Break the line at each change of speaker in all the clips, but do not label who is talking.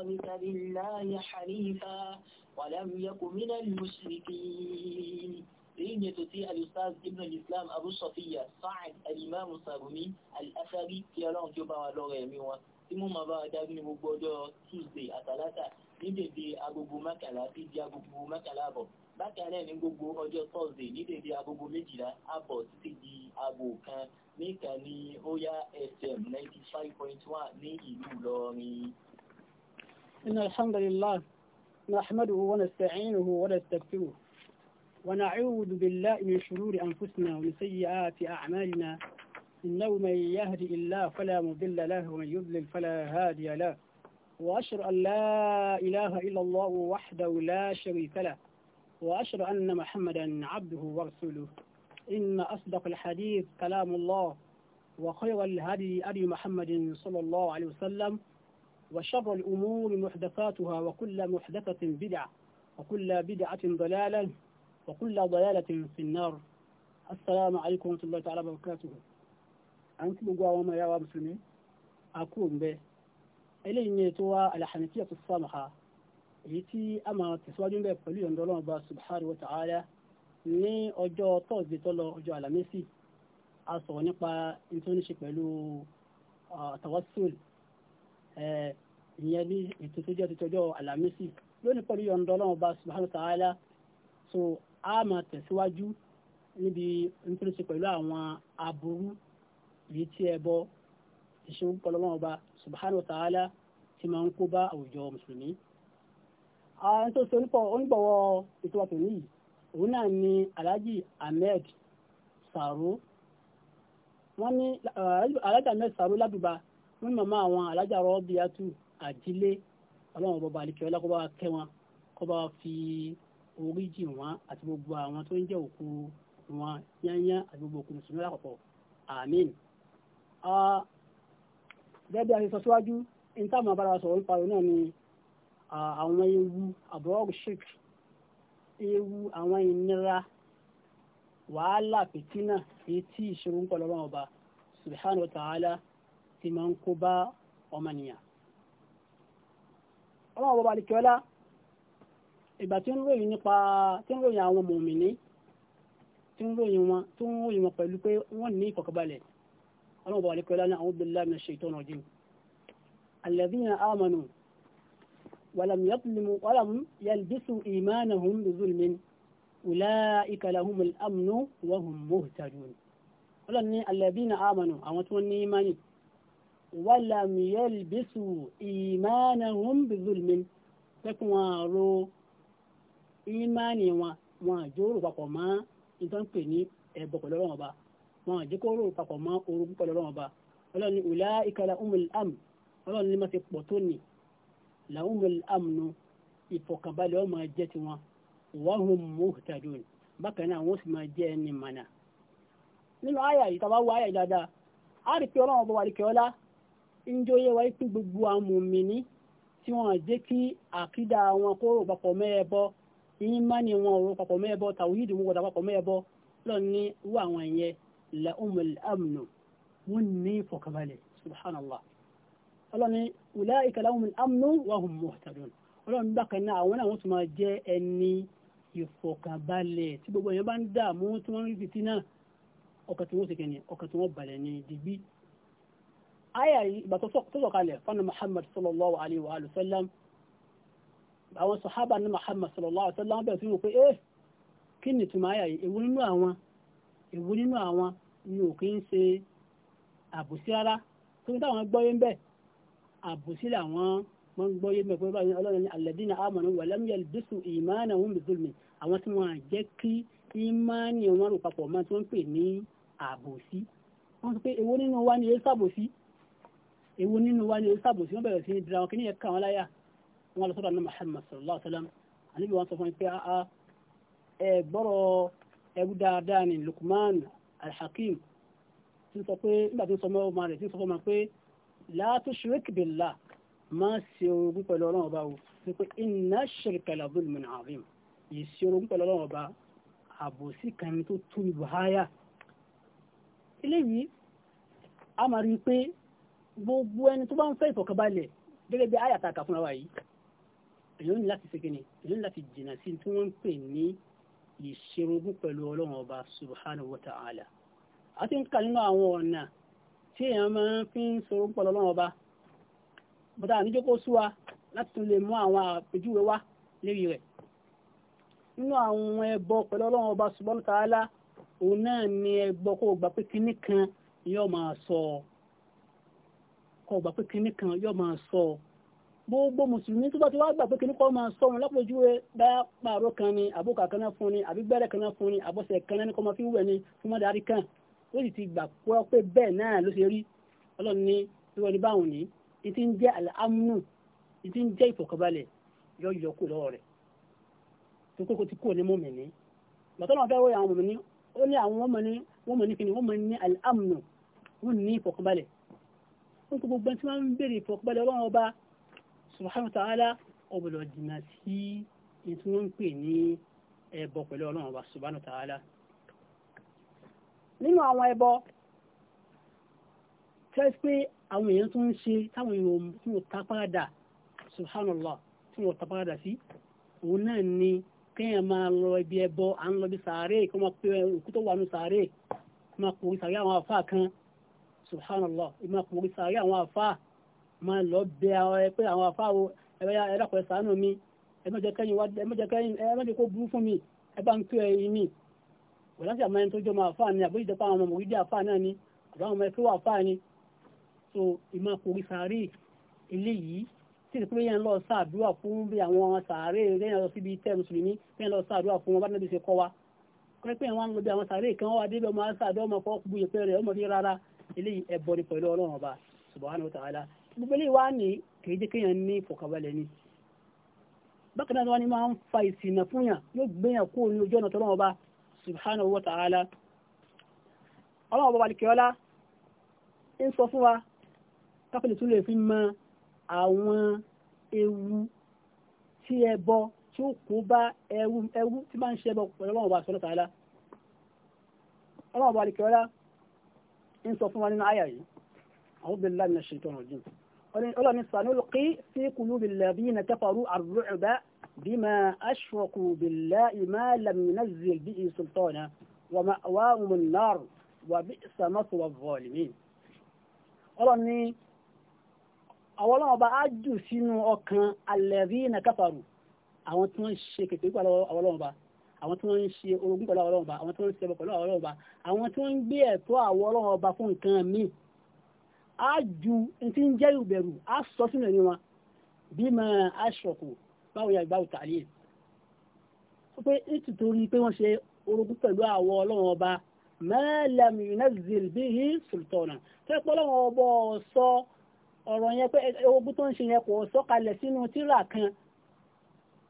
خالص لله حنيفا ولم يك من المشركين لين تطيع الأستاذ ابن الإسلام أبو الصفية سعد الإمام الصابوني الأثري في الله جبا ولغة يميوان tí mo máa bá wa dájú ní gbogbo ọjọ́ Tuesday àtàlátà ní dèdè agogo mẹ́kànlá sí di agogo mẹ́kànlá àbọ̀ bákan náà ní gbogbo ọjọ́ Thursday ní dèdè agogo méjìlá àbọ̀ títí di aago kan ní ìkànnì Oya FM ninety five point one ní ìlú Ìlọrin. إن الحمد لله نحمده ونستعينه ونستغفره ونعوذ بالله من شرور أنفسنا ومن سيئات أعمالنا إنه من يهدي الله فلا مضل له ومن يضلل فلا هادي له وأشهد أن لا إله إلا الله وحده لا شريك له وأشهد أن محمدا عبده ورسوله إن أصدق الحديث كلام الله وخير الهدي أبي محمد صلى الله عليه وسلم وشر الأمور محدثاتها وكل محدثة بدعة وكل بدعة ضلالة وكل ضلالة في النار السلام عليكم ورحمة الله تعالى وبركاته أنت لقوا وما يا مسلمين أكون به إلي نيتوا الحنفية الصامحة يتي أما تسواج به فلي يندلون الله سبحانه وتعالى ní ọjọ́ tọ́sí tó lọ ọjọ́ àlàmísì a sọ̀rọ̀ nípa ní pẹ̀lú tawassul ìyẹn ní ètò tó jẹ́ títọ́jọ́ àlàmísì lónìí pẹ̀lú yọ̀ǹda ọlọ́run ọba subhanahu ta'ala so a máa tẹ̀síwájú níbi nítorí pẹ̀lú àwọn aburú èyí tí ẹ bọ ìṣòro pẹ̀lú ọlọ́run ọba subhanahu ta'ala ti máa ń kó bá àwùjọ mùsùlùmí. àwọn tó ṣe onígbọ̀wọ́ ètò yìí òun náà ni alhaji ahmed saro wọ́n ní alhaji ahmed saro ládùbà wọ́n ní màmá àwọn alhaji arọ́bíyàtú àdílé ọlọ́run bọba àlekẹ́ ọlá kó bá kẹ́ wọn kó bá fi orí jì wọn àti gbogbo àwọn tó ń jẹ́ òkú wọn yányá àti gbogbo òkú mùsùlùmí lápapọ̀ àmín. gẹ́gẹ́ bí a ti sọ síwájú ní abára sọ̀rọ̀ ń parí náà ni àwọn ewu àbúrò sheik ewu àwọn ìnira wàhálà fìtínà èyí tí ìṣòro ń pọ̀ lọ́wọ́ ọba subhanahu wa ta'ala ti máa ń kó bá ọmọnìyàn ọlọ́run bọba alikiola ìgbà tí ń ròyìn nípa tí ń ròyìn àwọn mòmìnì tí ń ròyìn wọn tí ń ròyìn wọn pẹ̀lú pé wọ́n ní ìfọ̀kànbalẹ̀ ọlọ́run bọba alikiola ní àwọn billahi minash shaitonir ní àwọn wàlàm yalbisu imanahum bizulmin pẹ́kun wọn ro ìmánì wọn wọn àjòrò papọ̀ mọ́ nítorí pé ní ẹ̀bọ̀ pẹ̀lú ọlọ́wọ́n ọba wọn àjẹkóró papọ̀ mọ́ orogún pẹ̀lú ọlọ́wọ́n ọba ọlọ́run ni ùlá ìkàlà umul am ọlọ́run ni máa ti pọ̀ tó nì la umul am nu ìfọ̀kànbalẹ̀ ọmọ jẹ́ tiwọn wahum muhtadun bákan náà wọ́n sì máa jẹ́ ẹni mọ̀nà nínú àyà yìí tàbá wọ àyà yìí dáadáa á rí pé ọlọ́run ọba wà njó yẹ wáyé pé gbogbo àmùmíní tí wọ́n jẹ́ kí àkídà wọn kó rò papọ̀ mẹ́ẹ̀bọ ìmánì wọn rò papọ̀ mẹ́ẹ̀bọ tàwíìdì wọn rò papọ̀ mẹ́ẹ̀bọ lọ́ni wú àwọn yẹn la umul amnu wọ́n ní ìfọ̀kànbalẹ̀ subhanallah ọlọ́ni wùlá ìkàlà umul amnu wa hum muhtadun ọlọ́ni bákan náà àwọn àwọn tó máa jẹ́ ẹni ìfọ̀kànbalẹ̀ àyà yìí ìgbà tó sọ̀kalẹ̀ fún Muhammad sallallahu alayhi wa sallam àwọn sàhábà ní Muhammad sallallahu alayhi wa sallam bẹ̀rẹ̀ sí wò pé eh kí ni ìtumọ̀ àyà yìí èwo nínú àwọn èwo nínú àwọn ni ò kí ń ṣe àbùsí rárá tó ní táwọn gbọ́yé ń bẹ̀ àbùsí làwọn wọ́n ń gbọ́yé mẹ́fẹ́ báyìí ọlọ́run alladhina amanu wa lam yalbisu imanahum bizulmin àwọn tí wọ́n jẹ́ kí ìmánì wọn rò papọ̀ mọ́ tí wọ́n pè ní àbòsí wọ́n sọ pé èwo nínú wa ni èyí sàbòsí ewu nínú wa ni ó sábò sí wọ́n bẹ̀rẹ̀ sí ní dira wọn kí ní ẹ̀ka àwọn láyà wọn lọ sọ́dọ̀ Muhammad sallallahu alaihi wasallam àníbi wọn sọ fún pé a ẹ gbọ́rọ̀ ẹbú dáadáa ni Luqman al-Hakim ti sọ pé nígbà tí ń sọ mọ́ ọmọ rẹ̀ ti sọ fún ọmọ pé la tushrik máa ṣe orogún pẹ̀lú ọlọ́run ọba o ti pé inna ash-shirka la dhulmun azim yìí ṣe orogún pẹ̀lú ọlọ́run ọba àbòsí kan tó tú ibùháyà eléyìí a máa rí pé gbogbo ẹni tó bá ń fẹ́ ìfọ̀kànbalẹ̀ gẹ́gẹ́ bí àyàtà kà fúnra wa yìí èyí ó ní láti ṣèké ni èyí ó ní láti jìnnà sí tí wọ́n ń pè ní ìṣerogún pẹ̀lú ọlọ́run ọba subhanahu wa ta'ala a ti ń kà nínú àwọn ọ̀nà tí èèyàn máa ń fi ń ṣerogún pẹ̀lú ọlọ́run ọba bọ́tà àníjókòó súwa láti tún lè mú àwọn àpèjúwe wá lérí rẹ̀ nínú àwọn ẹbọ pẹ̀lú ọlọ́run ọba subhanahu wa ta'ala òun náà ni ẹbọ kó gbà pé kinní kan yóò máa sọ ọ́ kọ gbà pé kinní kan yóò máa sọ ọ gbogbo mùsùlùmí tó bá ti wá gbà pé kinní kan máa sọ wọn lápòjúwe bá pààrọ̀ kan ni àbúkà kan náà fún ni àbí gbẹ́rẹ́ kan náà fún ni àbọ̀sẹ̀ kan náà ní kọ́ máa fi wẹ̀ ni fún mọ́dárí kan ó sì ti gbà pọ́ pé bẹ́ẹ̀ náà ló ṣe rí ọlọ́run ní ìwọ ni báwọn ní ìtí ń jẹ́ àlámù ìtí ń jẹ́ ìfọ̀kànbalẹ̀ yọ yọ kú lọ́wọ́ rẹ̀ tó kókó ti kúrò ní mọ́mìnì bàtọ́nà fẹ́ wọ́n àwọn mọ̀mìnì ní wọ́n mọ̀ ní kíni wọ́n mọ̀ ní àlámù wọ́n ní ìfọ̀kànbalẹ̀ ó tó gbogbo tí wọ́n ń bèèrè ìfọ̀pẹ́lẹ̀ ọlọ́run ọba subhanahu wa ta'ala ọbọ̀lọ̀ jìnnà sí ní tí wọ́n ń pè ní ẹbọ pẹ̀lú ọlọ́run ọba subhanahu wa ta'ala nínú àwọn ẹbọ tẹ́sí pé àwọn èèyàn tó ń ṣe táwọn èèyàn tí wọ́n tapadà subhanallah tí wọ́n tapadà sí òun náà ni kéèyàn máa lọ ibi ẹbọ à ń lọ bí sàárè kó máa pé òkú tó wà ní sàárè kó máa pò sàárè àwọn àfáà kan subhanallah ìmọ̀ ọkùnrin sàárè àwọn afá máa lọ bẹ àwọn ẹ pé àwọn afá o ẹ̀rọ ẹ̀dàpọ̀ ẹ̀sánú mi ẹ̀mọ́jẹ kẹ́yìn wá ẹ̀mọ́jẹ kẹ́yìn ẹ̀mọ́jẹ kó burú fún mi ẹ bá ń tó ẹyin mi wọ́n láti àmọ́ ẹni tó jọmọ afá ni àbójú ìjọba àwọn ọmọ orílẹ̀ afá náà ni àbá àwọn ọmọ ẹ̀kọ́ wà afá ni so ìmọ̀ ọkùnrin sàárè eléyìí tí ìdí pé yẹn lọ sàdúrà fún bí àwọn sàárè lẹ́yìn lọ síbi tẹ́ mùsùlùmí yẹn lọ sàdúrà fún wọn bá níbi ṣe kọ́ wa pẹ́pẹ́ wọn lọ bí àwọn sàárè kan wà débẹ̀ ọmọ sàdúrà ọmọ fọ́ bu ìpẹ́ rẹ̀ ọmọ rárá eléyìí ẹ bọ́ ní pẹ̀lú ọlọ́run ọba subhanahu wa ta'ala gbogbo eléyìí wá ní kì í jẹ́ kéèyàn ní ìfọ̀kànbalẹ̀ ni bákan náà wọn ni máa ń fa ìsìnà fún yàn yóò gbéyàn kúrò ní ojú ọ̀nà tọ́lọ́run ọba subhanahu wa ta'ala ọlọ́run ọba balikẹ́ọ́lá ń sọ fún wa káfíńtì tún lè fi mọ àwọn ewu tí ẹ tí ó kó bá ẹwu tí máa ń ṣe ẹbọ pẹ̀lú ọba subhanahu ta'ala ọlọ́run ọba balikẹ́ọ́lá ń sọ fún wa nínú àyà yìí àwọn bẹ̀rẹ̀ láàrin ṣe ìtọ́nà jù ọlọ́ ni sanulqi fi qulubi alladhina kafaru ar-ru'ba bima ashraku billahi ma lam yunazzil bihi sultana wa ma'wahum an-nar wa bi'sa mathwa adh-dhalimin ọlọ́ ni àwọn ọlọ́wọ́ bá á jù sínú ọkàn alladhina kafaru àwọn tí wọ́n ṣe kẹ̀kẹ́ pẹ̀lú àwọn ọlọ́wọ́ bá àwọn tí wọ́n ń ṣe orogún pẹ̀lú àwọn ọlọ́ọ̀ba àwọn tí wọ́n ń ṣe ẹbọ pẹ̀lú àwọn ọlọ́ọ̀ba àwọn tí wọ́n ń gbé ẹ̀tọ́ àwọn ọlọ́ọ̀ba fún nǹkan míì á ju ti ń jẹ́ ìbẹ̀rù á sọ sínú ẹ̀mí wọn bí máa aṣọ̀kù báwo ya ìgbà òtà yìí ó pé nítorí pé wọ́n ṣe orogún pẹ̀lú àwọn ọlọ́ọ̀ba mẹ́lẹ̀m yunazil bihi sultana tó pé ọlọ́wọ́n ọba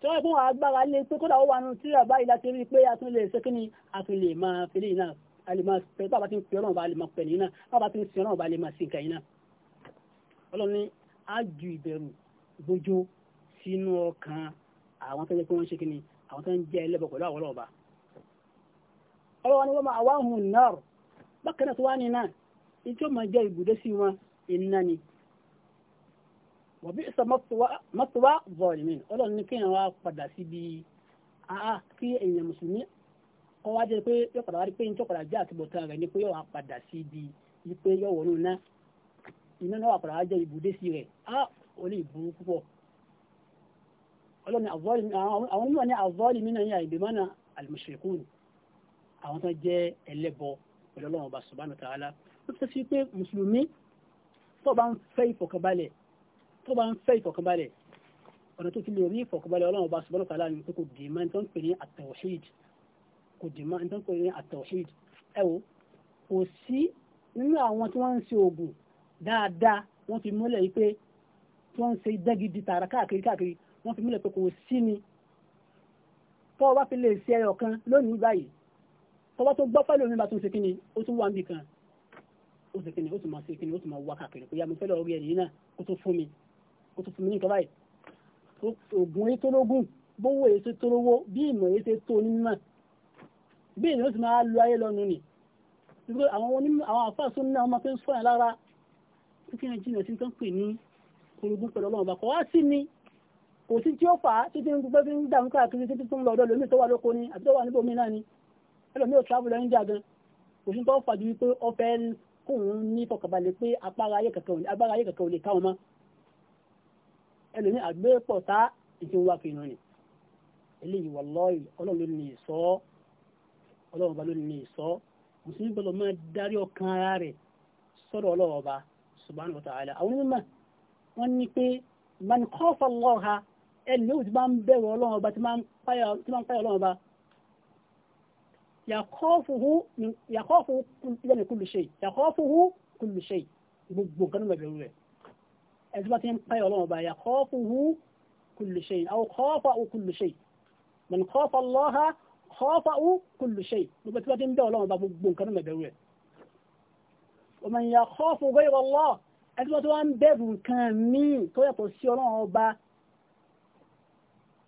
tí wọ́n fún agbára lé pé kódà ó wà nù tíra báyìí láti rí pé a tún lè ṣe kí ni a fi lè máa fi lè náà a lè máa pẹ bàbá tí ń pè ọlọ́run bá lè máa pẹ nìyí náà bàbá tí ń sin ọlọ́run bá lè máa sin nǹkan yìí náà ọlọ́run ní á ju ìbẹ̀rù gbójó sínú ọkàn àwọn tó jẹ́ pé wọ́n ṣe kí ni àwọn tó ń jẹ́ ẹlẹ́bọ pẹ̀lú àwọn ọlọ́run ni wọ́n ní wọ́n bí sọ mọ́tòwá zọ̀ọ̀lìmí ọlọ́run ní kéèyàn wá padà síbi àá kí èèyàn mùsùlùmí kọ́ wá jẹ́ pé yóò padà wá rí pé yín tó padà jẹ́ àtúbọ̀tán rẹ̀ ni pé yóò wá padà síbi wípé yóò wọnú ná iná náà wà padà wá jẹ́ ibùdé sí rẹ̀ á ò lè burú púpọ̀ ọlọ́run àwọn onímọ̀ ní àzọ́ọ̀lìmí náà yà ìgbìmọ̀ náà àlùmọ̀ṣẹ̀kùn àwọn tó jẹ́ ẹlẹ́bọ pẹ̀lú ọlọ́run ọba subhanahu wa ó ti sọ pé mùsùlùmí tó bá ń fẹ́ ìfọ̀kànbalẹ̀ tó bá ń fẹ́ ìfọ̀kànbalẹ̀ ọ̀nà tó fi lè rí ìfọ̀kànbalẹ̀ ọlọ́run ọba subhanahu wa ta'ala ni pé kò dì máa ń tán pè ní at-tawhid kò dì máa ń tán pè ní at-tawhid ẹ wo kò sí nínú àwọn tí wọ́n ń ṣe oògùn dáadáa wọ́n fi múlẹ̀ yìí pé tí wọ́n ń ṣe dẹ́gidi tààrà káàkiri káàkiri wọ́n fi múlẹ̀ pé kò sí ni tó o bá fi lè ṣe ẹyọ kan lónìí báyìí tó bá tó gbọ́ pẹ̀lú omi bá tún ṣe kí ni ó tún wà níbì kan ó ṣe kí ni ó tún máa ṣe kí ni ó tún máa wá káàkiri pé yàmú fẹ́lẹ̀ orí ẹ̀yìn náà kó tó fún mi kó tó fún mi ní ìtọ́ báyìí ògùn èyí tó lógún bówó èyí tó tólówó bí ìmọ̀ èyí tó tó ní mímọ̀ bí èyí ó sì máa lo ayé lọ́nu nì àwọn àfáàsó ní àwọn máa fẹ́ sọ́yìn lára kí ni jìnà sí tán pè ní orogún pẹ̀lú ọlọ́run bá kọ́ wá sí ni kò sí tí ó fà á títí ń gbẹ́ fi ń dàmú káàkiri títí tó ń lọ ọ̀dọ́ lómi tó wà lóko ni àti tó wà níbo mi náà ni ẹlòmí ò travel ẹni jà gan kò sí tó fà ju wípé ọfẹ́ kóun ní fọkàbalẹ̀ pé agbára ayé kankan ò lè káwọn mọ́ ẹlòmí àgbẹ̀pọ̀ta ìtìwá kìnnà ni eléyìí wallahi ọlọ́run ló ní ìsọ ọlọ́run ọba ló ní ìsọ mùsùlùmí bọ́lọ̀ máa darí ọkàn ara rẹ̀ sọ́dọ̀ ọlọ́run ọba subhanahu wa ta'ala àwọn onímọ̀ wọ́n ní pé man khafa Allaha ẹni yóò ti máa ń bẹ̀rù ọlọ́run ọba tí máa ń páyà ọlọ́run ọba yakhafuhu yakhafuhu kullu shay yakhafuhu kullu shay gbogbo nǹkan bẹ̀rù rẹ̀ ẹni tó bá ti ń pẹ́ ọlọ́run ọba yà kọ́ọ̀fù hu kullu shay àwọn kọ́ọ̀fà hu kullu shay mọ̀n kọ́ọ̀fà lọ́ha kọ́ọ̀fà hu kullu shay gbogbo tí wọ́n ti ń bẹ́ ọlọ́run ọba gbogbo nǹkan náà bẹ̀rù rẹ̀ ọmọ ìyà kọ́ọ̀fù ghayra Allah ẹni tó wá ń bẹ̀rù nǹkan míì tó yàtọ̀ sí ọlọ́run ọba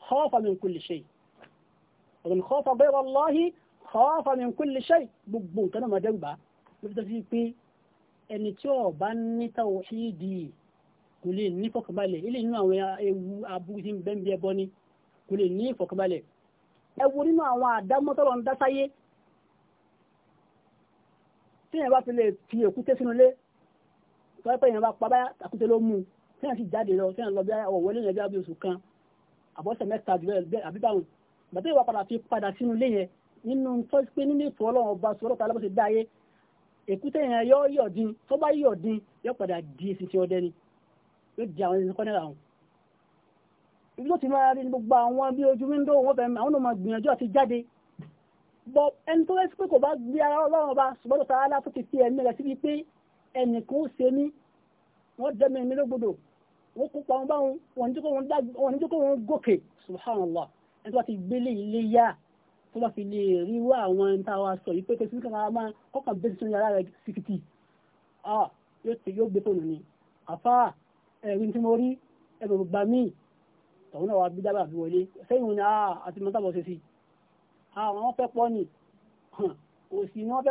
kọ́ọ̀fà min kulli shay ọ̀gbọ̀n kọ́ọ̀fà ghayra Allah kọ́ọ̀fà min kulli shay gbogbo nǹkan náà máa dẹ́rù bá lóbi tó fi pé ẹni tí ó bá ní tàwhídì kò lè ní fọkànbalẹ̀ ilé nínú àwọn ewu aburú tí ń ni kò lè ní fọkànbalẹ̀ ẹwu nínú àwọn àdámọ́tọ́rọ̀ ń dásáyé tí èèyàn bá ti lè fi èkúté sínú lé tọ́wọ́ pé èèyàn bá pa báyà àkúté ló mú tí èèyàn sì jáde lọ tí èèyàn lọ bí ọwọ́ wọlé yẹn bí oṣù kan àbọ̀sẹ̀ mẹ́ta jùlọ àbí báwọn bàtẹ́ ìwà padà fi padà sínú lé yẹn nínú tó pé nínú ìfọ̀ ọlọ́run ọba sọ̀rọ̀ tá a ti dá ayé èkúté yẹn yọ yọ̀dín tó bá yọ̀dín yọ padà di èsì tí ọdẹ ni yóò di àwọn ẹni kọ́nẹ́rà wọn ibi tó ti máa rí gbogbo àwọn bí ojú wíńdò wọn fẹ́ àwọn náà máa gbìyànjú àti jáde bọ ẹni tó rẹ́sí pé kò bá gbé ara ọlọ́run ọba ṣùgbọ́n tààlà tó ti fi ẹ̀mí rẹ̀ síbi pé ẹnìkan ó ṣe mí wọ́n dẹ́mi ẹ̀mí lógbòdò wọ́n kó pa wọn bá wọn wọ́n ní gòkè subhanallah ẹni tó bá ti gbélé ilé ah, ni àfáà ẹ̀rí tí mo rí ẹ̀rọ gbà míì tọ̀hún náà wà bí dábàá bí wọlé sẹ́yìn ni àá ah, àti mọ́tàbọ̀ ṣe sí ah, àwọn fẹ́ pọ́ ni òsì ni wọ́n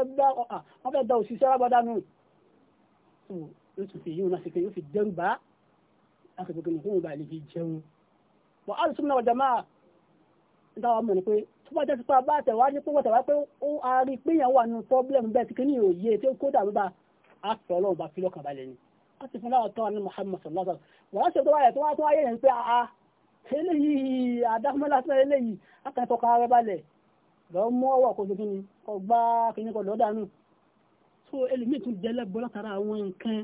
fẹ́ da òṣìṣẹ́ rábọ́dá nù yóò tún fi yíò náà ṣèké yóò fi dẹ́rù bá akẹ́kọ̀ọ́ kìnnìkú ìgbà lè jẹun wọ́n á sún náà wọ́n jàmáà ń dáwọ́ mọ̀ ni pé tó bá jẹ́ sí pé a bá tẹ̀ wá ní pé wọ́n tẹ̀ wá pé ó a rí pé èèyàn wà nínú pọ́blẹ́mù bẹ́ẹ̀ tí kìnnìyàn òye tí ó kó dàrú bá a sọ ọlọ́run bá fi lọ́kàn balẹ̀ ni wọ́n ti fún láwọn tọ́ ní Muhammad sallallahu alaihi wasallam wọ́n ṣe tó wáyé tó wá tó wáyé yẹn pé a eléyìí àdáfúnmọ́lá tó eléyìí akẹ́tọ̀ọ́ kan rẹ balẹ̀ lọ mú ọwọ́ kó ṣe kíni kọ gbá kíní kọ lọ́dàánù tó ẹlòmíì tún jẹlẹ bọ́ látara àwọn nǹkan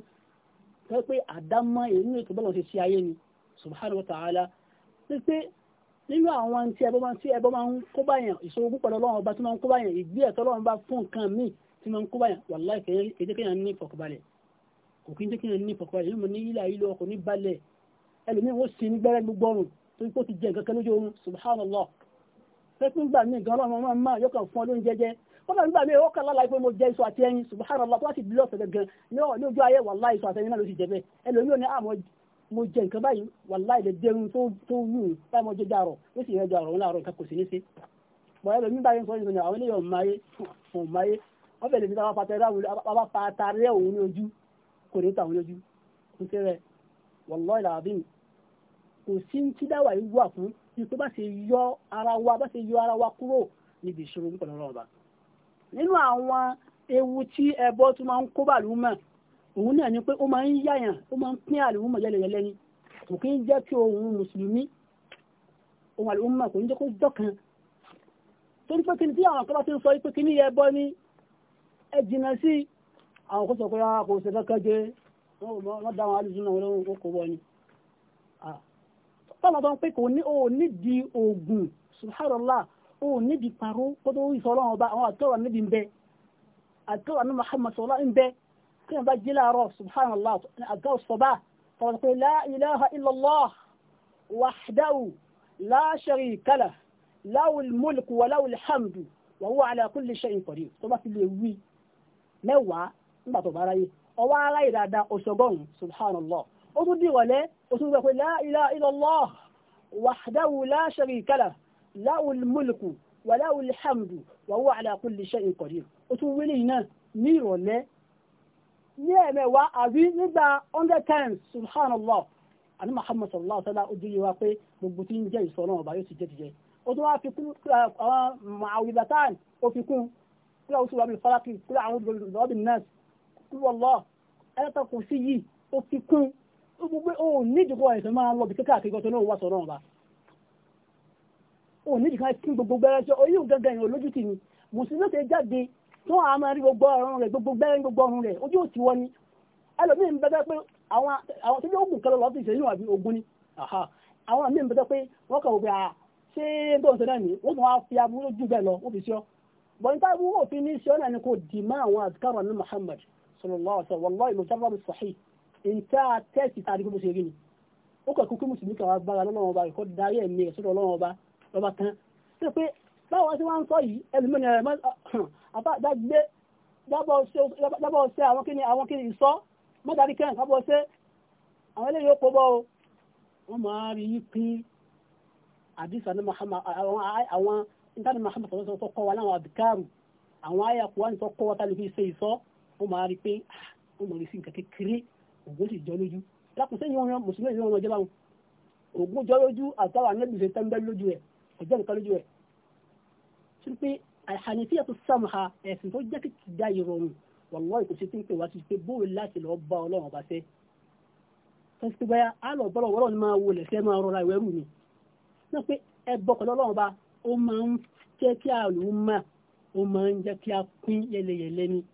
tó pé àdámọ́ èyí ètò bọ́lọ̀ ṣe ṣe ayé ni subhanahu wa ta'ala pé nínú àwọn tí ẹbọ máa tí ẹbọ máa ń kó báyàn ìṣòro púpọ̀ lọ́wọ́ ọba tí máa ń kó báyàn ìgbé ẹ̀tọ́ lọ́wọ́ bá fún nǹkan míì tí máa ń kó báyàn wàláì kéjékéyàn ní ìfọ̀kànbalẹ̀ kò kí ń jẹ́ kí n ní fọ̀kọ̀ yìí mo ní ilà ìlú ọkọ̀ ní balẹ̀ ẹlòmíì wọ́n sì ní gbẹ́rẹ́ gbogbo ọrùn tó kó ti jẹ nǹkan kan lójú oorun subhanallah pẹ́pẹ́ ń gbà mí gan ọlọ́run máa ń máa yọkàn fún ọlọ́run jẹjẹ wọ́n náà ń gbà mí ó kàn lálàá pé mo jẹ iṣu àti ẹyin subhanallah tó wá sì bí lọ́sẹ̀ gangan ní ojú pàtàkì àwọn ní ojú kò ní tàwọn lójú kò sí rẹ wallahi alazim kò sí ní tídáwà yìí fún bí pé bá ṣe yọ ara wa bá ṣe yọ ara wa kúrò níbi ìṣòro nípa lọ́rọ̀ ọba nínú àwọn ewu tí ẹbọ tó máa ń kó bàlú mọ̀ òun náà ni pé ó máa ń yàyàn ó máa ń pín àlùmọ̀ mọ̀ yẹlẹyẹlẹ ni kò kí ń jẹ́ kí ohun mùsùlùmí ohun àlùmọ̀ mọ̀ kò ń jẹ́ kó dọ̀kan torí pé kí ni tí àwọn akọ́bá ti ń sọ pé kí ni ẹbọ ni ẹ jìnnà sí i àwọn kó sọ pé a ah, kò ṣe kankan jẹ wọ́n dá àwọn alùsùn náà lóhun kókó wọ ni. tọ́lá tó ń pè kò ní òní di oògùn subhanallah òní di paró kó tó ìfọ́ ọlọ́run ọba àwọn àtọ́wà níbi ń bẹ àtọ́wà ní muhammad sọlá ń bẹ kí wọ́n bá jí láàárọ̀ subhanallah àgbà òṣùpá tọ́lá pé la ilaha illallah wahdahu tó bá fi lè wí mẹ́wàá nígbà tó bá ráyè ọwọ́ aráyè dáadáa oṣogọ́rùn subhanallah ó tún di ìwọlé ó tún gbẹ pé la ilaha illallah wahdahu la sharika lah lahul mulku wa lahul hamdu wa huwa ala kulli shay'in qadir ó tún wílì náà ní ìrọ̀lẹ́ ní ẹ̀mẹ̀wá àbí nígbà hundred times subhanallah àní muhammad sallallahu alaihi wa sallam ó di ìwà pé gbogbo tí ń jẹ́ ìsọ̀rọ̀ ọba yóò ti jẹ́ ti jẹ́ ó tún wá fi kún àwọn màáwìlátàn ó fi kún kúlà oṣù rọ̀bì falaki kúlà nọ́ọ̀sì wọlọ ayọ́ta kò sí yìí ó fi kún ó gbogbo ó nídìíkọ́ ẹ̀sẹ̀ máa lọ bí kíkà àkíkọ́ tó náà wà sọ̀rọ̀ ọ̀ba ó nídìíkọ́ kí gbogbo gbẹ́rẹ́ sí oyún gangan ìrìn olójú tì ní mùsùlùmí ti jáde a rí gbogbo ọ̀run rẹ̀ gbogbo gbẹ́rẹ́ gbogbo ọ̀run rẹ̀ ojú òtí wọ́n ni bẹ́tẹ́ pé àwọn tó jẹ́ ogun kẹlẹ́ àbí ogun ni àwọn bẹ́tẹ́ pé wọ́n kà ṣé tó ń sọ náà ni wọ́n sallallahu alaihi wasallam wallahi mujarrad sahih nta tẹ́sì tá a di kó bó ṣe rí ni ó kọ̀ kúkú mùsùlùmí kan wá gbára lọ́wọ́ ọba ìkọ́ darí ẹ̀mí ẹ̀ sọ́dọ̀ ọlọ́wọ́ ọba tán ṣe pé báwo ṣe wọ́n sọ yìí ẹlòmínà rẹ̀ àbá dágbé dábọ̀ ṣe àwọn kíni àwọn kíni ìsọ́ mọ́tàrí kẹ́ àbọ̀ ṣe àwọn eléyìí ó pọ̀ o wọ́n máa rí i pín àdìsá ní Muhammad àwọn ìtàn Muhammad sọ̀rọ̀ sọ̀rọ̀ kọ́ wa láwọn àbíkárù àwọn àyà kò wá sọ kọ́ wa tálífi ṣe ìsọ́ ó máa rí pé ah, ó mọ̀ rí sí nǹkan kékeré ògùn sì jọ lójú lákùn sẹ́yìn ọ̀ràn mùsùlùmí ìlú ọ̀ràn ìjọba wọn ògùn jọ lójú àtàwọn anábìsẹ̀ tẹ́ńbẹ́ lójú ẹ̀ ọjọ́ nǹkan lójú ẹ̀ sí pé àhànífíà tó sàmùhà ẹ̀sìn tó jẹ́ kìkì dá ìrọ̀rùn wàlúwà ìkòsí tí ń pè wá sí pé bóòlù láti lọ bá ọlọ́run ọba fẹ́ tọ́sí pé á lọ bọ́lọ̀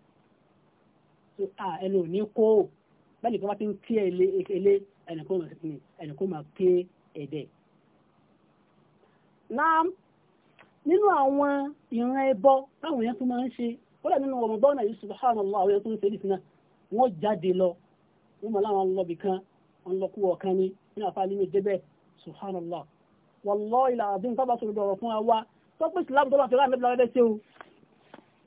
so a ẹnu ò ní kó o báyìí kí wọ́n ti ń kí ẹlé ẹlé ẹnìkan máa kí ẹnìkan máa ké ẹ̀dẹ̀. náà nínú àwọn ìran ẹbọ táwọn èèyàn tó máa ń ṣe kódà nínú ọmọ bọ́ọ̀nà yìí subhanallah àwọn èèyàn tó ń ṣe nìkan wọ́n jáde lọ wọ́n mọ̀ láwọn lọ́bì kan wọ́n lọ kú ọ̀kan ní nínú àfa nínú débẹ̀ subhanallah wallahi alazim tábà sọ̀rọ̀ ọ̀rọ̀ fún wa tó pèsè lábùdọ́lá fẹ́ràn níbi lára dẹ́sẹ̀ o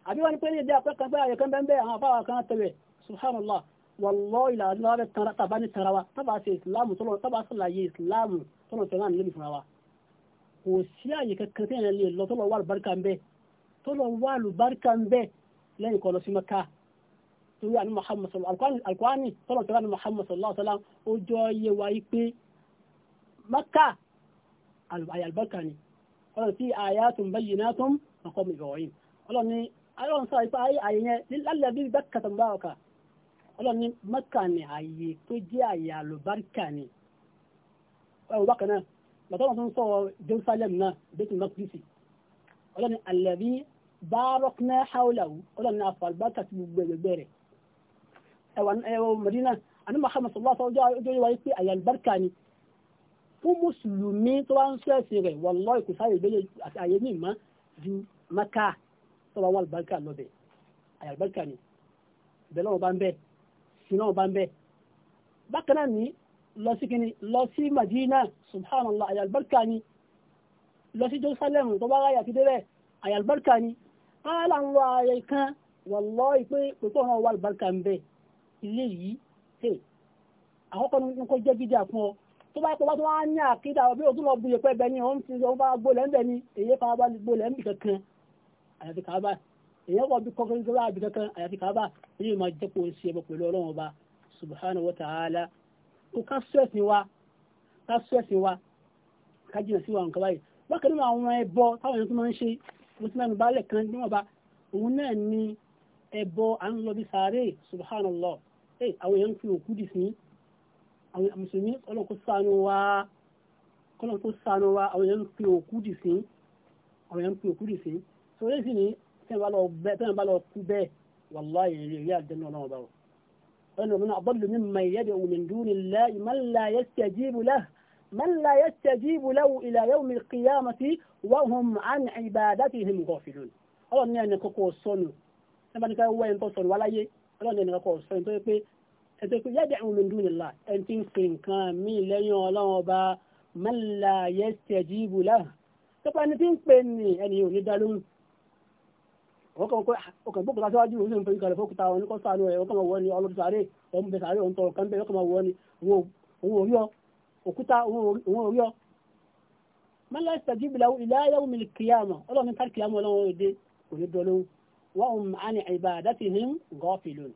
àbí wọ́n ní pé ní ìdí àpẹ́ kan pé àyẹ̀kẹ́ bẹ́ẹ̀ àwọn àfáwà kan tẹ̀lẹ̀ subhanallah wàlọ́ ìlà àdúrà rẹ̀ tara tàbá ní tara wa tàbá ṣe ìsìláàmù tọ́lọ̀ tàbá ṣàlàyé ìsìláàmù tọ́lọ̀ tẹ̀lá nílé fúnra wa kò sí àyè kankan tẹ́yìn lè lọ tọ́lọ̀ wà lùbáríkà ń bẹ́ tọ́lọ̀ wà lùbáríkà ń bẹ́ lẹ́yìn kọ́ lọ sí maka torí àní muhammad sallallahu alaihi alkwani tọ́lọ̀ tẹ̀lá ní muhammad sallallahu alaihi wasallam ó jọ iye wa yí pé maka àyàlùbáríkà ni ọlọ́run sí ayatun bayyinatun maqam ibrahim ọlọ́run ni ọlọ́run sọ àyè yẹn lálẹ́ bí bẹ́ẹ̀ kàtàmbá ọkà ọlọ́run ní mẹ́kà ní ààyè tó jẹ́ ààyè àlùbáríkà ni ẹ̀rọ bákan náà bàtọ́ wọn tó ń sọ Jerusalem náà bẹ́tù mọ́kìlìsì ọlọ́run ní alẹ́bí bárọ́kínà haúláwù ọlọ́run ní àfàlùbáríkà ti gbogbo ẹgbẹ́ rẹ̀ ẹ̀wọ̀ Madina àní Muhammad sallallahu alaihi ọjọ́ ìwà pé ààyè àlùbáríkà ni fún mùsùlùmí tó wá ń sọ ẹ̀sìn rẹ̀ wallahi kò bẹ́ẹ̀ sin náà bá ń bẹ̀. bákan náà ní lọ sí kíni lọ sí madina subhanallah ayalbarka ni lọ sí jerusalem tó bá ráyà ti débẹ̀ ayalbarka ni ala ń wá ayẹ kan wallahi pé pẹ̀tọ́ ọ̀hún wà albarka ń bẹ̀ ilé yìí àkọ́kọ́ ní kó jẹ́ gidi àfún ọ tó bá pọ̀ bá tó wá ní àkídà ọbí òtún lọ bu yẹpẹ́ bẹ ní ti sọ bá gbolẹ̀ ń bẹ èyí fara bá gbolẹ̀ ń bì kankan àyàfi kàá báyìí èyàn kọ́ bí kọ́kọ́ nígbà àbí kankan àyàfi kaba ní ìmọ̀ jẹ́pọ̀ sí ẹbọ pẹ̀lú ọlọ́run ọba subhanahu wa ta'ala ó ká sẹ́ẹ̀sì wa ká sẹ́ẹ̀sì wa ká jìnà sí wa nǹkan báyìí bákan nínú àwọn ẹbọ táwọn èèyàn tó máa ń ṣe mo ti mẹ́nu balẹ̀ kan níwọ̀nba òun náà ni ẹbọ à ń lọ bí sáré subhanallah ẹ àwọn èèyàn ń fi òkú dì sí àwọn mùsùlùmí ọlọ́run kó ṣàánú wa kọ́lọ́run kó ṣàánú wa àwọn èèyàn ń fi òkú dì sí àwọn èèyàn ń fi òkú dì sí tẹ́yìn bá lọ kú bẹ́ẹ̀ wàláyé rí rí àjẹnú ọlọ́run bá wọ. ẹnu ọ̀nà àbọ̀lù mi mà yẹ́ dẹ̀wò mi dúró nílẹ̀ ìmọ̀lá yẹ́ tẹ̀jíbù lẹ́ mọ̀lá yẹ́ tẹ̀jíbù lẹ́wù ilẹ̀ yẹ́ omi kìyàmù sí wàhùn àn ìbàdàtì ìhìn gọ̀fìlún. ọlọ́run ní ẹnì ẹni kọ́kọ́ sọnù ọkàn gbọ́kọ̀ láti wájú òun sì ń fẹ́ ìkàlẹ̀ fókúta wọn ní kọ́sánú ẹ̀ ọkàn wọ́n ni ọlọ́dún sáré ọmọ bẹ̀ sáré ọ̀ntọ̀ kan bẹ̀ ọkàn wọ́n ni òun orí ọ òkúta òun orí ọ. mọ́lá ìsàjú bìlà ìláyà omi kìyàmọ̀ ọlọ́run kárí kìyàmọ̀ ọlọ́run òde òní dọ́lóhùn wọ́n ń máa ní àìbá àdáṣe him gọ́ọ̀fì lónìí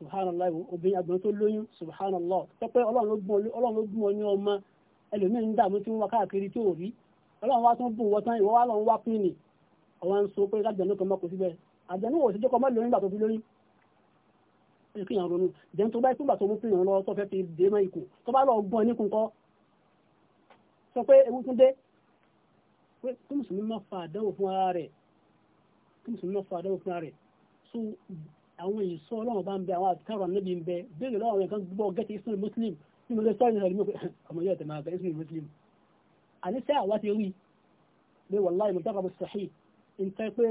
subhanallah obìnrin àgbọn tó lóyún subhanallah pẹ́pẹ́ ọlọ́run ló gbọ́n ọ ní ọmọ ẹlòmíín ń dààmú tí wọ́n wá káàkiri tó rí ọlọ́run wá tún bùn wọ́n tán ìwọ́ wá lọ́n wá pín ní ọwọ́ ń so pé lájẹ̀nú kan mọ́ kò síbẹ̀ àjẹ̀nú wò sí jẹ́kọ̀ mọ́ lóyún gbà tó fi lóyún ẹ̀ kí yàn ronú jẹun tó bá ìpínlẹ̀ tó mú pín yàn lọ tó fẹ́ fi dé mọ́ ikùn tó bá lọ gbọ́n ní kùn kọ́ sọ pé ewu tún dé pé kí mùsùlùmí má fa àdánwò fún ara rẹ̀ kí mùsùlùmí má fa àdánwò fún ara rẹ̀ so àwọn ìsọ ọlọ́run bá ń bẹ àwọn àtúkàrọ̀ níbi ń bẹ bẹ́ẹ̀ lọ́wọ́ àwọn nǹkan gbọ́ gẹ́tì islam muslim ní mo lè sọ ìrìnàlẹ́ mi pé ọmọ yóò tẹ̀mọ̀ àgbà islam muslim àníṣẹ́ àwa ti rí pé wàláì mo tọ́ka mo sàhí nǹkan pé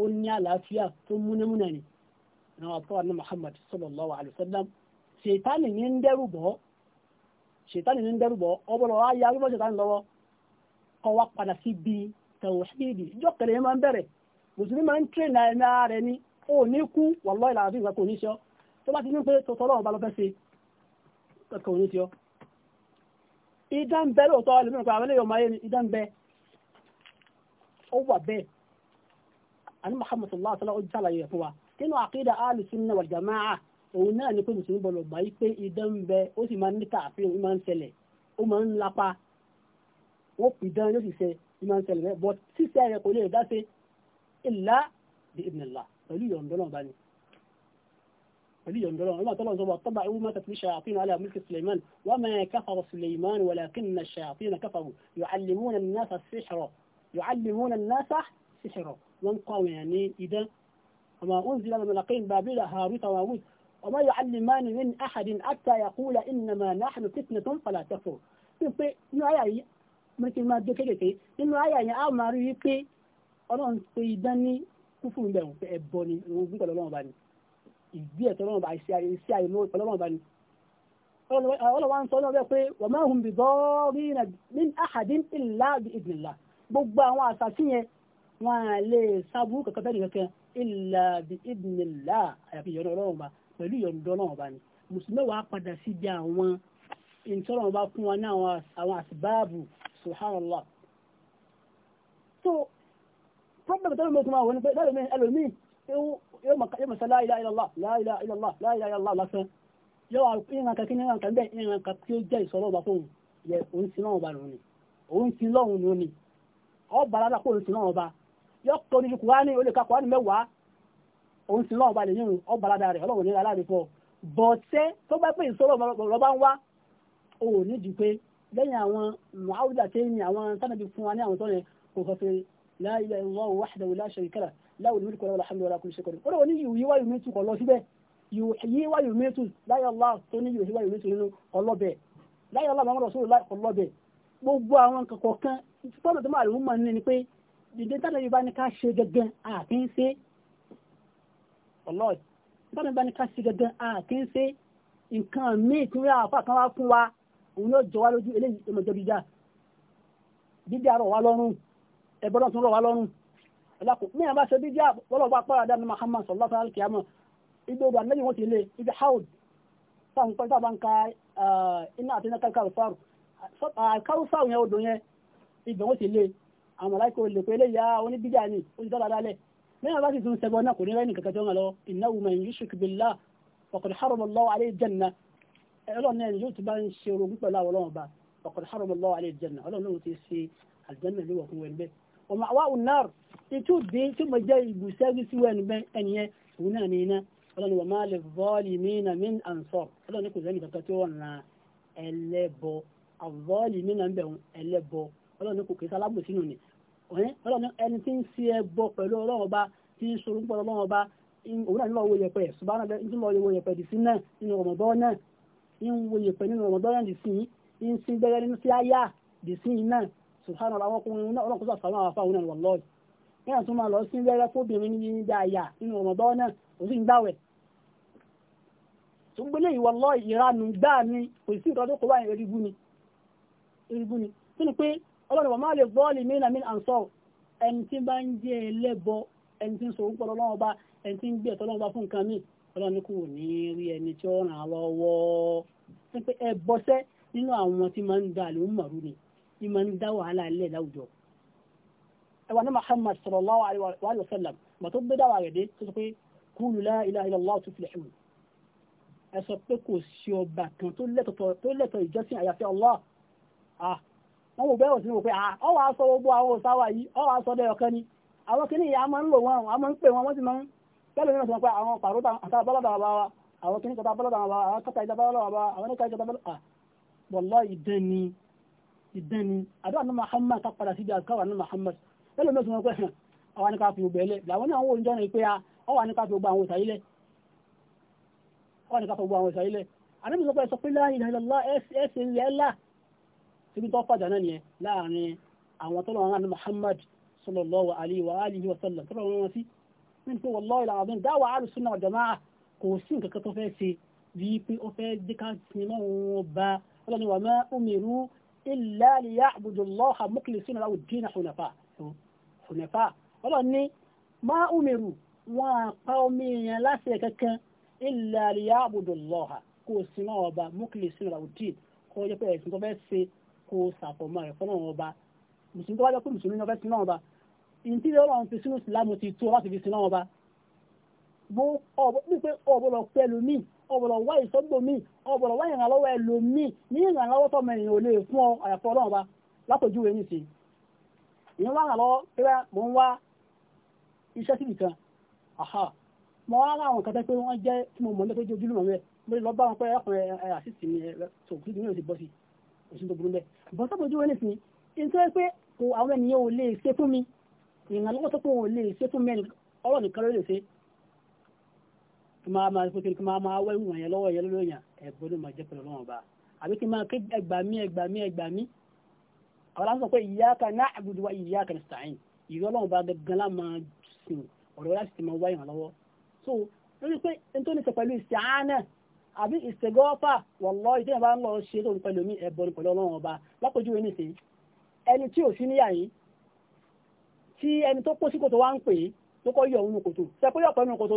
ó ní àlàáfíà tó múnamúnà ni àwọn àtúkàrọ̀ ní Muhammad sallallahu alayhi wa sallam ṣètánì ní ń dẹ́rù bọ́ ṣètánì ní ń dẹ́rù bọ́ ọbọ̀lọ́ ayé arúgbó ṣètánì lọ́wọ́ kọ́ wá padà sí bíi tẹ̀wọ̀ sí bíi ìjọ́kẹ̀lẹ̀ yẹn máa ń bẹ̀rẹ̀ mùsùlùmí máa ń tẹ̀lé náà rẹ̀ ní ó ní kú wàlọ́ ìlànà bí ìgbàkọ̀ oníṣọ́ tó bá ti ní pé tọ́tọ́ lọ́wọ́ bá lọ fẹ́ ṣe kọ̀kọ̀ oníṣọ́ idá ń bẹ lóòótọ́ ẹlòmíràn pé àwọn eléyìí ọmọ ayé ni idá ń bẹ ó wà bẹ́ẹ̀ àní Muhammad sallallahu alaihi wasallam ó jàlàyé rẹ̀ fún wa nínú àkídà ahlu sunna wal jamaa òun náà ni pé mùsùlùmí bọ̀lọ̀ gbà yí pé idá ń فلي يندلون بني فلي يندلون وما تلون زبا طبع وما تفلي شياطين على ملك سليمان وما كفر سليمان ولكن الشياطين كفروا يعلمون الناس السحر يعلمون الناس السحر وانقوا يعني إذا وما أنزل من ملقين بابل هاروت وماروت وما يعلمان من أحد حتى يقول إنما نحن فتنة فلا تكفر يبقي نعي ملك المادة كده كده إنه عيا يا أمر يبقي أنا أنت إذاني kúfùrù bẹ̀rù pé ẹbọ ni ogun pẹ̀lú ọlọ́run ọba ni ìgbé ẹ̀tọ́ ọlọ́run ọba iṣẹ́ ayé iṣẹ́ ayé pẹ̀lú ọlọ́run ọba ni. ọlọ́wà ń sọ ọlọ́run bẹ́ẹ̀ pé wa ma hum bidarrina min ahadin illa bi idhnillah gbogbo àwọn àṣàṣì wọn à lè sábú kankan bẹ́ẹ̀ nìkan illa bi idhnillah àyàfi ìyọ̀nù ọlọ́run ọba pẹ̀lú ìyọ̀nù ọlọ́run ọba ni mùsùlùmí wàá padà síbi àwọn ìtọ́lọ́run ọba fún wa ní àwọn àṣìbáàbù subhanallah. problem tó lómi tó máa wọ ní pé lẹ́lòmí ẹlòmí yóò mọ̀ sọ la ilaha illallah la ilaha illallah la ilaha illallah lásán yóò ìran kan kí ní ìran kan bẹ́ẹ̀ ìran kan tí ó jẹ́ ìsọ̀rọ̀ ọba fóun yẹ òun sin lọ́wọ́ ọba lòun ni òun sin lọ́wọ́ lòun la ilaha illallah wahdahu la sharika lahu lahu al-mulku wa lahu al-hamdu wa lahu kullu shay'in qadir ó lọ́wọ́ ní yìí wáyé mẹ́tù kọ̀ lọ síbẹ̀ yìí wáyé mẹ́tù la ilaha illallah tó ní yìí wáyé mẹ́tù nínú ọlọ́bẹ̀ la ilaha illallah muhammadur rasulullah ọlọ́bẹ̀ gbogbo àwọn kọ̀ọ̀kan tọ́lọ̀ tó máa lè mọ̀ ní ni pé dìde tánà yìí bá ní ká ṣe gẹ́gẹ́ àti ń ṣe ọlọ́ọ̀dì tánà yìí bá ní ká ṣe gẹ́gẹ́ àti ń ṣe nǹkan míì tí wọ́n àfà kan wá fún wa òun yóò jọ wá lójú eléyìí tó mọ̀ jọ dídá dídá rọ̀ wá lọ́rùn ẹgbọ́dọ̀ tún rọ̀ wá lọ́rùn ẹ̀dàkùn mí àbá ṣe bídíà bọ́lọ̀ bá pàrọ̀ dáná Muhammad sallallahu alaihi kìámọ̀ ibi odò àlẹ́yìn wọn ti lé ibi haud táwọn pẹ́ táwọn ń ka eh, iná àti iná kankan alfaru alkarufaru yẹn odò yẹn ibẹ̀ wọn ti lé àwọn mọ̀láìkò lè pé eléyà ah, oníbídíà ni ó ti dọ́là dálẹ̀ mí àbá sì tún sẹ́gbọ́n náà kò ní rẹ́ni kankan tó ń lọ innahu man yushrik billah faqad harrama Allahu alayhi al-jannah ọlọ́run náà ọmọ àwa unar ìtú bí tí mo jẹ́ ìbùsẹ́rí sí wẹ́n ẹniyẹn òun náà ní iná ọlọ́ni wàmá lè vọ́ọ̀lì mìíràn mí ànsọ̀ ọlọ́ni kò sẹ́ni kankan tí ó ràn án ẹlẹ́bọ àvọ́ọ̀lì mìíràn bẹ̀ ń ẹlẹ́bọ ọlọ́ni kò kí sálábò sínú ni ọlọ́ni ẹni tí ń ṣe ẹbọ pẹ̀lú ọlọ́run ọba tí ń sorú pọ̀ ọlọ́run ọba òun náà ń lọ subhanahu àwọn ọkùnrin náà ọlọ́kùnrin sàfà náà a òun wọ̀lọ́ọ̀lì ní àtún máa lọ sí rẹ́rẹ́ fóbìnrin ní yíyí dáyà nínú ọmọdọ́ náà kò sí ń dáwẹ̀ tó ìranù gbá ni kò sí ìtọ́jú kó wà erigun ni tí ni pé ọlọ́run wà máa lè bọ́ọ̀lì mìíràn mí àǹsọ̀ ẹni tí bá ń jẹ́ ẹlẹ́bọ ẹni tí ń sọ orúkọ ọlọ́run ẹni tí ń gbé ẹ̀tọ́ ní máa ń dá wàhálà lẹ̀ láwùjọ. ẹwà ní Muhammad sallallahu alayhi wa sallam mà tó gbé dáwà rẹ̀ dé tó sọ pé kúlù la ilaha illallah tuflihun ẹ sọ pé kò sí ọba kan tó lẹ́tọ̀ọ́ ìjọsìn àyàfi Allah wọ́n wò bẹ́ẹ̀ òsínú pé ọ wà sọ gbogbo àwọn òsáwà yìí ọ wà sọ dẹ́ ọ̀kan ni àwọn kìíní yìí a máa ń lò wọn a máa ń pè wọn wọ́n sì máa ń pẹ́lú nínú sọ pé àwọn pàrọ̀ àtàrà bọ́lọ́dà bàbá wa àwọn kìíní kọta bọ́lọ́dà bàbá wa àwọn kọta ìjà bọ́lọ́dà bàbá wa àwọn níka ìjọba bọ́lọ́dà ìdán ni àdúrà náà Muhammad ká padà síbi àkàwà náà Muhammad lẹ́lọ́ lọ́sùn wọn pé hàn àwọn ní ká fi gbogbo ẹlẹ́ làwọn náà wọ́n ń jọ́rin pé àwọn ní ká fi gbogbo àwọn ìsàílẹ̀ àwọn ní ká fi gbogbo àwọn ìsàílẹ̀ àdúrà sọ pé sọ pé láàrin ìlàlá ẹsẹ̀ ilẹ̀ ńlá síbi tó fàjà náà nìyẹn láàrin àwọn tó lọ́wọ́ náà Muhammad sallallahu alaihi wa alihi wa sallam tó lọ́wọ́ wọn sí nínú pé wallahi alazim dáwà alùsùnà wal jamaa kò sí nǹkan kan tó fẹ́ ṣe bí pé ó fẹ́ díkà sinimá wọn bá ọlọ́ni illa liya'budu Allaha mukhlisina lahu ad-dina hunafa hunafa ọlọ́run ní ma umiru wọn àpá omi èèyàn láti kankan illa liya'budu Allaha kó o sin náà ọba mukhlisina lahu ad-din kó o jẹ́ pé ẹ̀sìn tó fẹ́ ṣe kó o ṣàfọ̀mọ́ rẹ̀ fọ́nà ọba mùsùlùmí tó bá jẹ́ pé mùsùlùmí náà fẹ́ sin náà ọba ìntí ọlọ́run fi sínú ìsìlámù ti tó láti fi sin náà ọba bó ọ̀bọ̀ pẹ̀lú míì ọ̀bọ̀lọ̀ wá ìsọ́gbò míì ọ̀bọ̀lọ̀ wá ìrànlọ́wọ́ ẹlòmíì ní ìrànlọ́wọ́ tọ́mọ èèyàn ò lè fún ọ àyàfọ́ ọlọ́run ọba látòjúwe ní sí ìyẹn wá ìrànlọ́wọ́ pé mo ń wá iṣẹ́ síbì kan àhà mo wá ra àwọn kan tẹ́ pé wọ́n jẹ́ tí mo mọ̀ ní pẹ́jọ́ ojúlùmọ̀ rẹ̀ mo lọ bá wọn pé ẹkùnrin àṣìṣì mi tòkì mi ò sì bọ́ sí òṣìṣẹ́ tó burú bẹ́ẹ̀ bọ́ sọ́bọ̀júwe ní sí nítorí pé àwọn ènìyàn ò lè ṣe fún mi ìrànlọ́wọ́ tó pé wọn ò lè ṣe fún mi ọlọ́ kí máa máa fún kí máa máa wẹ́wù wọ̀nyẹn lọ́wọ́ yẹn lórí èèyàn ẹ̀bùn ló máa jẹ́ pẹ̀lú ọlọ́wọ́n ọba àbí kí máa ké ẹgbàmí ẹgbàmí ẹgbàmí àwọn aláṣọ pé iyyaka na'budu wa iyyaka nasta'in ìrọ̀ ọlọ́wọ́n ọba gangan lá máa sìn ọ̀rọ̀ láti ti máa wáyàn lọ́wọ́ so lórí pé n tó ní sọ pẹ̀lú ìsìáánà àbí ìsẹ̀gọ́fà wọ̀lọ́ ìtẹ́yìn bá ń lọ ṣe tó pẹ̀lú mi ẹ̀bùn pẹ̀lú ọlọ́wọ́n ọba lápòjúwe nìsín ẹni tí ò sí níyà yìí tí ẹni tó pọ̀ sí kòtò wá ń pè é tó kọ́ yọ̀ òun kòtò sẹ́kọ́ yọ̀ pẹ̀lú kòtò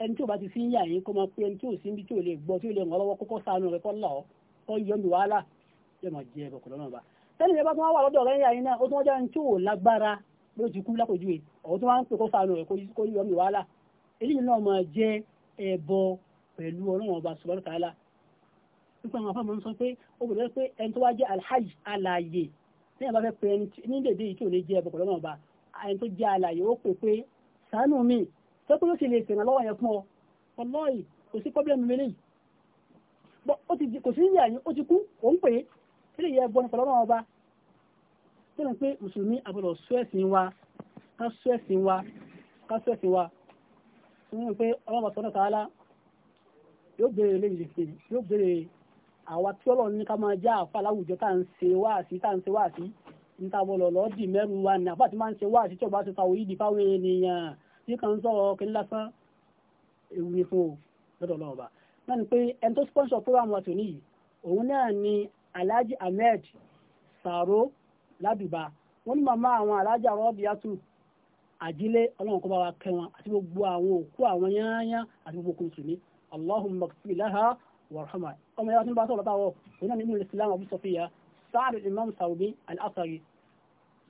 ẹni tí o bá ti fi ń yà yín kó máa pé ẹni tí o sí ibi tí o lè gbọ́ tí o lè ràn lọ́wọ́ kókó sànù rẹ kọ́ lọ́ ọ yọ mi wàhálà yóò máa jẹ ẹ̀bọ̀kọ̀ lọ́nà ọba tẹ́lẹ̀ ìjọba tó wá wà lọ́dọ̀ ọ̀rẹ́ yà yín náà ó tún wọ́n jẹ́ ẹni tí o lágbára ló ti kú lápòjúwe ọ̀hún tó máa ń pè kó sànù rẹ kó yọ mi wàhálà eléyìí náà máa jẹ ẹbọ pẹ̀lú ọlọ́run ọba tó pé ó sì lè ṣèrànà lọ́wọ́ yẹn fún ọ ọlọ́ọ̀yì kò sí pọ́blẹ́mù mi léyìí kò sí yíyà yín ó ti kú ó ń pè é kí lè yẹ ẹgbọ́n pẹ̀lú ọmọ ọba tó ní pé mùsùlùmí àbọ̀lọ̀ sọ ẹ̀sìn wa ká sọ ẹ̀sìn wa ká sọ ẹ̀sìn wa tó ní pé ọlọ́mọ sọ́nà tààlà yóò béèrè léyìí lè yóò béèrè àwa tí ọlọ́run ní ká máa já àfa láwùjọ tá à ń ṣe wáàsí tá à ń ṣe wáàsí níta bọ̀lọ̀ lọ́ọ́ dì mẹ́rù wa ní àbá tí máa ń ṣe wáàsí tí ọba ti ta òyìnbí fáwọn ènìyàn tí kan sọ̀rọ̀ kí n lásán ìwé fún o lọ́dọ̀ ọlọ́run ọba náà ni pé ẹni tó sponsor program wa tòní yìí òun náà ni alhaji ahmed saro labiba wọ́n ní màmá àwọn alhaji arọ́bíyàtú àjílé ọlọ́run kó bá wa kẹ́ wọn àti gbogbo àwọn òkú àwọn yányán àti gbogbo kùsùnmí allahumma qfi laha warhamha ọmọ yàrá tí ń bá sọ̀rọ̀ táwọ̀ òun náà ni ibn islam abu sofiya sáàrì imam saudi al-asari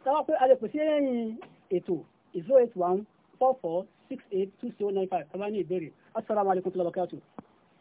sábà pé a lè pèsè ẹ̀yìn ètò 081 four four six eight two seven nine five tàbá ní ìbéèrè asalaamualeykum tó lọ́wọ́ kí a